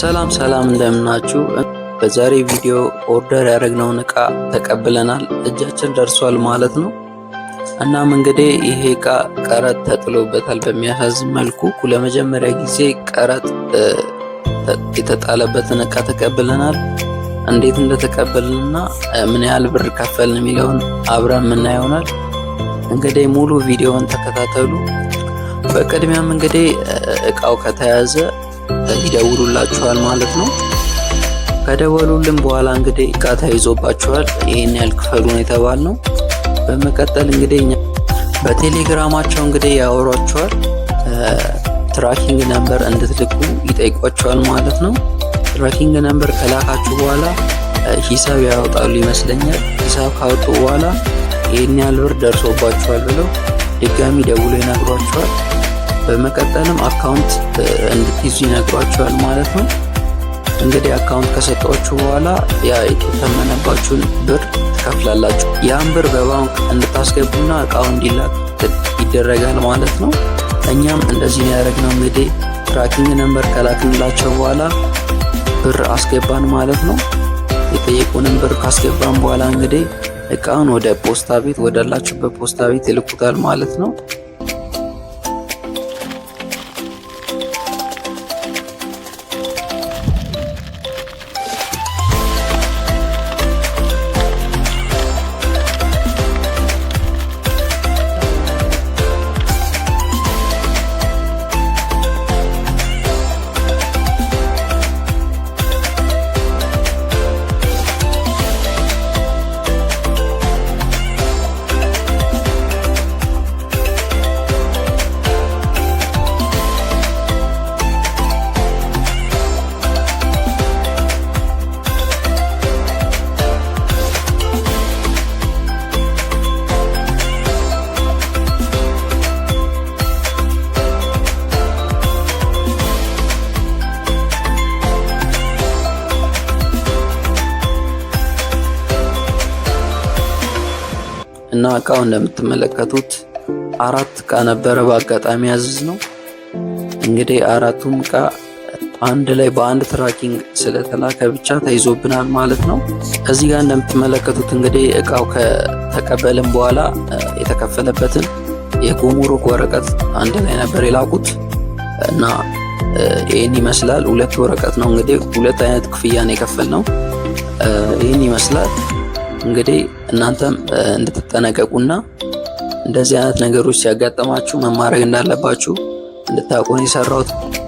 ሰላም ሰላም እንደምናችሁ። በዛሬ ቪዲዮ ኦርደር ያደረግነውን እቃ ተቀብለናል፣ እጃችን ደርሷል ማለት ነው። እናም እንግዲህ ይሄ እቃ ቀረጥ ተጥሎበታል በሚያሳዝን መልኩ። ለመጀመሪያ ጊዜ ቀረጥ የተጣለበትን እቃ ተቀብለናል። እንዴት እንደተቀበልንና ምን ያህል ብር ከፈልን የሚለውን አብረን የምናየው ይሆናል። እንግዲህ ሙሉ ቪዲዮውን ተከታተሉ። በቅድሚያም እንግዲህ እቃው ከተያዘ ይደውሉላችኋል ማለት ነው። ከደወሉልን በኋላ እንግዲህ እቃ ተይዞባችኋል። ይህን ያህል ክፈሉ ነው በመቀጠል እንግዲህ በቴሌግራማቸው እንግዲህ ያወሯችኋል። ትራኪንግ ነምበር እንድትልኩ ይጠይቋቸዋል ማለት ነው። ትራኪንግ ነምበር ከላካችሁ በኋላ ሂሳብ ያወጣሉ ይመስለኛል። ሂሳብ ካወጡ በኋላ ይህን ያህል ብር ደርሶባችኋል ብለው ድጋሚ ደውሎ ይነግሯችኋል። በመቀጠልም አካውንት እንድትይዙ ይነግሯችኋል ማለት ነው። እንግዲህ አካውንት ከሰጧችሁ በኋላ ያ ብር ትከፍላላችሁ። ያን ብር በባንክ እንድታስገቡና እቃው እንዲላክ ይደረጋል ማለት ነው። እኛም እንደዚህ ነው ያደረግነው። እንግዲህ ትራኪንግ ነንበር ከላክንላቸው በኋላ ብር አስገባን ማለት ነው። የጠየቁንን ብር ካስገባን በኋላ እንግዲህ እቃውን ወደ ፖስታ ቤት ወዳላችሁበት ፖስታ ቤት ይልኩታል ማለት ነው። እና እቃው እንደምትመለከቱት አራት እቃ ነበረ በአጋጣሚ ያዝዝ ነው። እንግዲህ አራቱም እቃ አንድ ላይ በአንድ ትራኪንግ ስለተላከ ብቻ ተይዞብናል ማለት ነው። እዚህ ጋር እንደምትመለከቱት እንግዲህ እቃው ከተቀበልን በኋላ የተከፈለበትን የጉምሩክ ወረቀት አንድ ላይ ነበር የላኩት እና ይህን ይመስላል። ሁለት ወረቀት ነው እንግዲህ ሁለት አይነት ክፍያ ነው የከፈልነው። ይህን ይመስላል እንግዲህ እናንተም እንድትጠነቀቁና እንደዚህ አይነት ነገሮች ሲያጋጥማችሁ መማረግ እንዳለባችሁ እንድታቁን የሰራሁት